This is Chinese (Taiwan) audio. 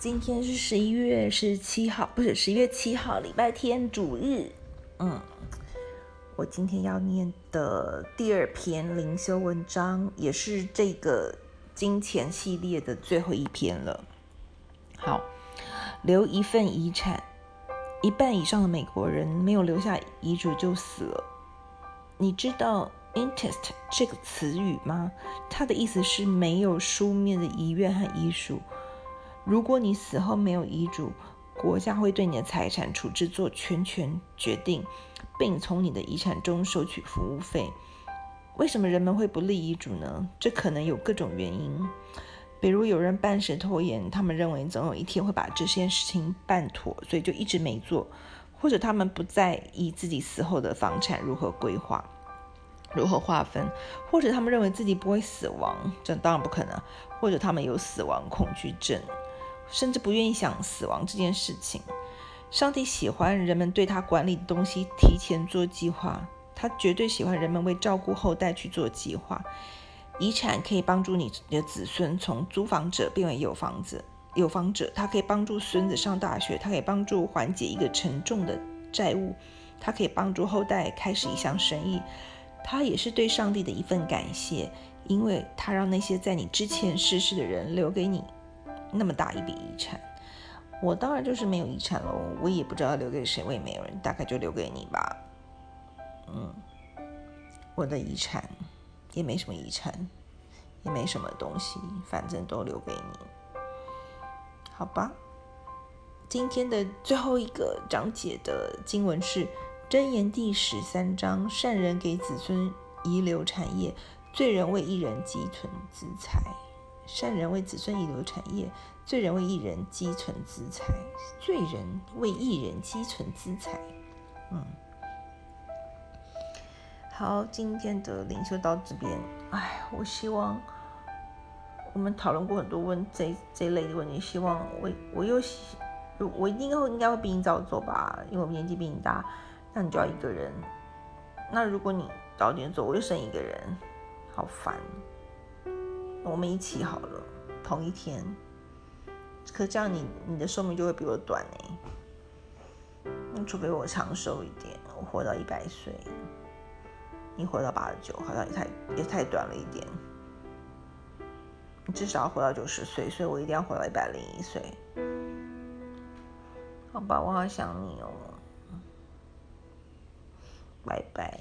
今天是十一月十七號，不是十一月七號，禮拜天，主日。嗯，我今天要念的第二篇靈修文章，也是這個金錢系列的最後一篇了。好，留一份遺產，一半以上的美國人沒有留下遺囑就死了。你知道 “intestate” 這個詞語嗎？它的意思是沒有書面的遺願和遺囑。如果你死後沒有遺囑，國家會對你的財產處置做全權決定，並從你的遺產中收取服務費。為什麼人們會不立遺囑呢？這可能有各種原因，比如有人辦事拖延，他們認為總有一天會把這些事情辦妥，所以就一直沒做；或者他們不在意自己死後的房產如何規劃、如何劃分；或者他們認為自己不會死亡，這當然不可能；或者他們有死亡恐懼症。甚至不願意想死亡這件事情。上帝喜歡人們對他管理的東西提前做計劃，他絕對喜歡人們為照顧後代去做計劃。遺產可以幫助你的子孫從租房者變為有房子、有房者，他可以幫助孫子上大學，他可以幫助緩解一個沉重的債務，他可以幫助後代開始一項生意。他也是對上帝的一份感謝，因為他讓那些在你之前逝世的人留給你。那麼大一筆遺產，我當然就是沒有遺產嘍。我也不知道留給誰，我也沒有人，大概就留給你吧。嗯，我的遺產也沒什麼遺產，也沒什麼東西，反正都留給你。好吧。今天的最後一個講解的經文是《箴言》第十三章：善人給子孫遺留產業，罪人為義人積存資財。善人為子孫遺留產業，罪人為義人積存資財，罪人為義人積存資財。嗯，好，今天的靈修到這邊，哎，我希望我們討論過很多問這這類的問題，希望我我又我我應該會應該會，會比你早走吧，因為我年紀比你大，那你就要一個人，那如果你早點走，我就剩一個人，好煩。我們一起好了，同一天。可這樣你你的壽命就會比我短哎。那除非我長壽一點，我活到一百歲，你活到八十九，好像也太也太短了一點。你至少要活到九十歲，所以我一定要活到一百零一歲。好吧，我好想你哦。拜拜。